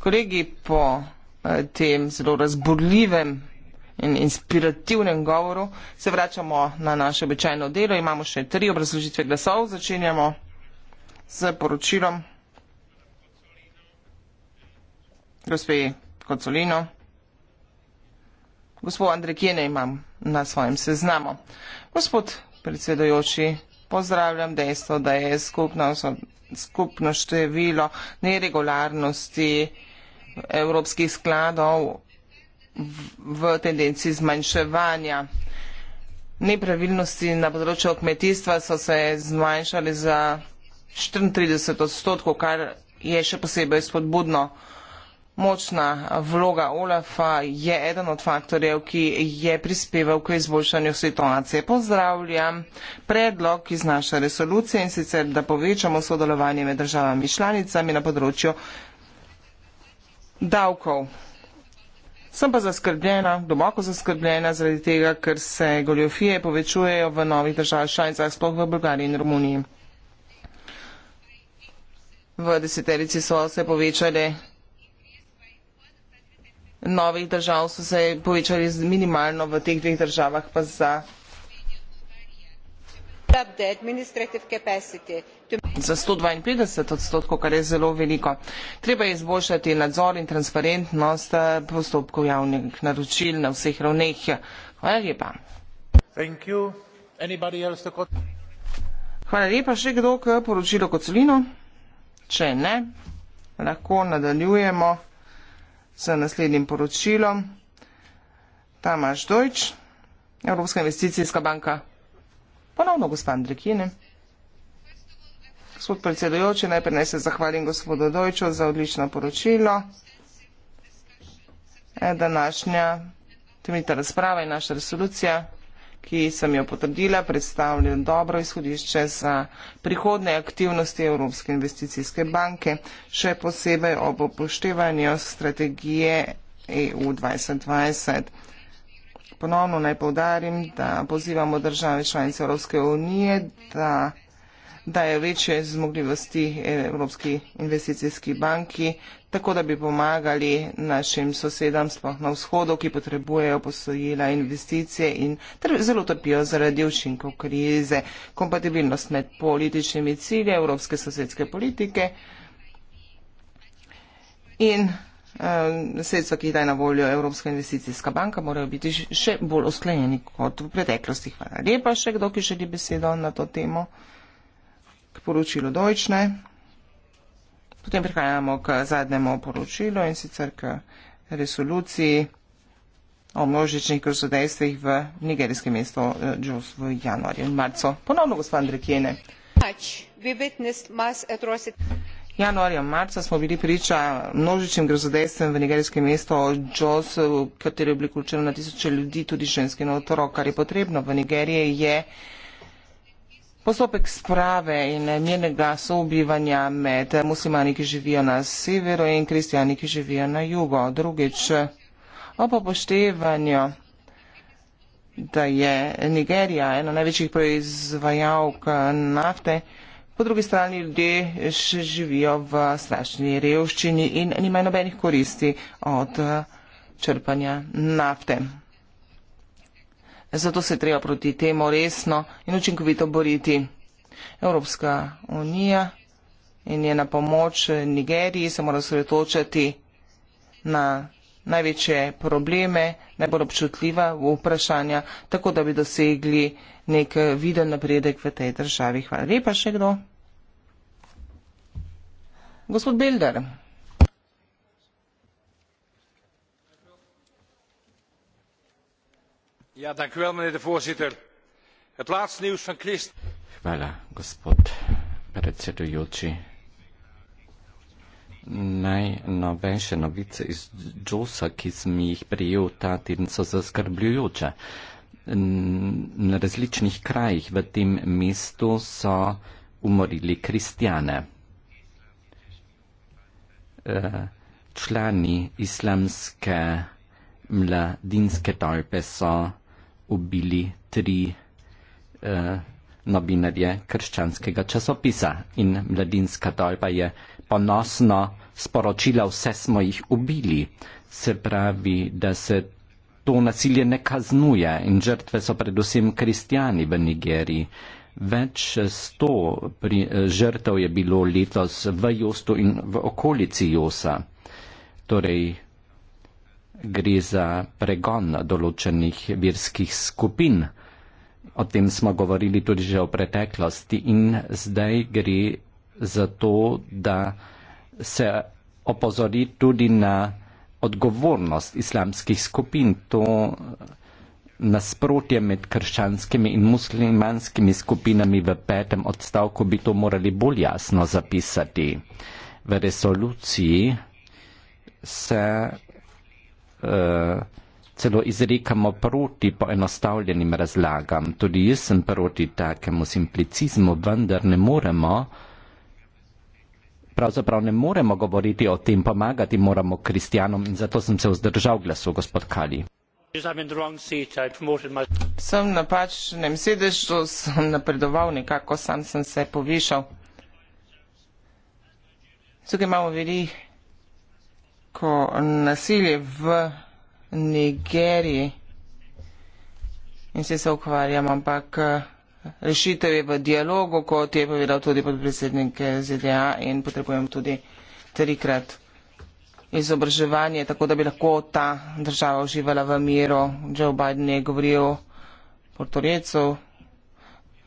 Kolegi, po eh, tem zelo razborljivem in inspirativnem govoru se vračamo na naše običajno delo. Imamo še tri obrazložitve glasov. Začenjamo z poročilom gospe Kocolino. Gospod Andrej Kjene imam na svojem seznamu. Gospod predsedojoči, pozdravljam dejstvo, da je skupno, skupno število neregularnosti evropskih skladov v tendenci zmanjševanja. Nepravilnosti na področju kmetijstva so se zmanjšali za 34 odstotkov, kar je še posebej spodbudno. Močna vloga OLAF-a je eden od faktorjev, ki je prispeval k izboljšanju situacije. Pozdravljam predlog iz naše resolucije in sicer, da povečamo sodelovanje med državami članicami na področju davkov. Sem pa zaskrbljena, globoko zaskrbljena, zaradi tega, ker se goljofije povečujejo v novih državah članicah, sploh v Bulgariji in Romuniji. V deseterici so se povečale novih držav so se povečali minimalno v teh dveh državah pa za za 152 odstotkov, kar je zelo veliko. Treba je izboljšati nadzor in transparentnost eh, postopkov javnih naročil na vseh ravneh. Hvala lepa. Hvala lepa. Še kdo k poročilu Kocelino? Če ne, lahko nadaljujemo naslednjim poročilom. Tamaš Dojč, Evropska investicijska banka. Ponovno gospod Andrikine. Gospod predsedujoči, najprej naj se zahvalim gospodu Dojču za odlično poročilo. E, današnja temeljita razprava in naša resolucija ki sem jo potrdila, predstavlja dobro izhodišče za prihodne aktivnosti Evropske investicijske banke, še posebej ob upoštevanju strategije EU 2020. Ponovno naj povdarim, da pozivamo države članice Evropske unije, da daje večje zmogljivosti Evropski investicijski banki, tako da bi pomagali našim sosedam sploh na vzhodu, ki potrebujejo posojila investicije in zelo trpijo zaradi učinkov krize. Kompatibilnost med političnimi cilji Evropske sosedske politike in eh, sredstva, ki jih daje na voljo Evropska investicijska banka, morajo biti še bolj usklenjeni kot v preteklosti. Hvala lepa še kdo, ki želi besedo na to temo poročilu Deutschne. Potem prihajamo k zadnjemu poročilu in sicer k resoluciji o množičnih krsodejstvih v nigerijskem mestu Džus eh, v januarju in marcu. Ponovno, gospod Andrekjene. Pač, Januarja in marca smo bili priča množičnim grozodejstvem v nigerijskem mestu Džos, v kateri je bilo vključeno na tisoče ljudi, tudi ženske in otrok. Kar je potrebno v Nigeriji je Postopek sprave in njenega soubivanja med muslimani, ki živijo na severu in kristijani, ki živijo na jugo. Drugič, ob upoštevanju, da je Nigerija ena največjih proizvajalk nafte, po drugi strani ljudje še živijo v strašni revščini in nimajo nobenih koristi od črpanja nafte. Zato se je treba proti temu resno in učinkovito boriti. Evropska unija in njena pomoč Nigeriji se mora sredotočati na največje probleme, najbolj občutljiva vprašanja, tako da bi dosegli nek viden napredek v tej državi. Hvala lepa še kdo. Gospod Bilder. Ja, voorzitter het laatste nieuws van gisteren. najnovejše novice iz Džusa, ki sem jih prijel ta teden, so zaskrbljujoče. Na različnih krajih v tem mestu so umorili kristjane. E, člani islamske mladinske tolpe so ubili tri e, novinarje krščanskega časopisa in mladinska tolpa je ponosno sporočila, vse smo jih ubili. Se pravi, da se to nasilje ne kaznuje in žrtve so predvsem kristijani v Nigeriji. Več sto pri, eh, žrtev je bilo letos v Jostu in v okolici Josa. Torej, gre za pregon določenih verskih skupin. O tem smo govorili tudi že v preteklosti in zdaj gre za to, da se opozori tudi na odgovornost islamskih skupin. To nasprotje med krščanskimi in muslimanskimi skupinami v petem odstavku bi to morali bolj jasno zapisati. V resoluciji se Eh, celo izrekamo proti poenostavljenim razlagam. Tudi jaz sem proti takemu simplicizmu, vendar ne moremo, pravzaprav ne moremo govoriti o tem, pomagati moramo kristjanom in zato sem se vzdržal glasu, gospod Kali. Sem na pačnem sedežu, sem napredoval nekako, sam sem se povišal. Tukaj imamo veliko ko nasilje v Nigeriji in se se ukvarjam, ampak eh, rešitev je v dialogu, kot je povedal tudi podpredsednik eh, ZDA in potrebujem tudi trikrat izobraževanje, tako da bi lahko ta država uživala v miru. Joe Biden je govoril portorecov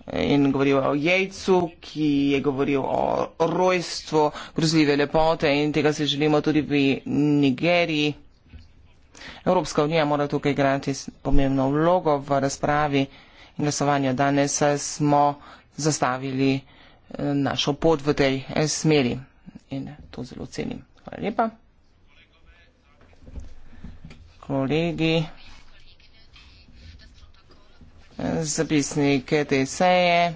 in govoril o jajcu, ki je govoril o rojstvu grozljive lepote in tega se želimo tudi v Nigeriji. Evropska unija mora tukaj igrati pomembno vlogo v razpravi in glasovanju. Danes smo zastavili eh, našo pot v tej eh, smeri in to zelo cenim. Hvala lepa. Kolegi zapisnike te seje.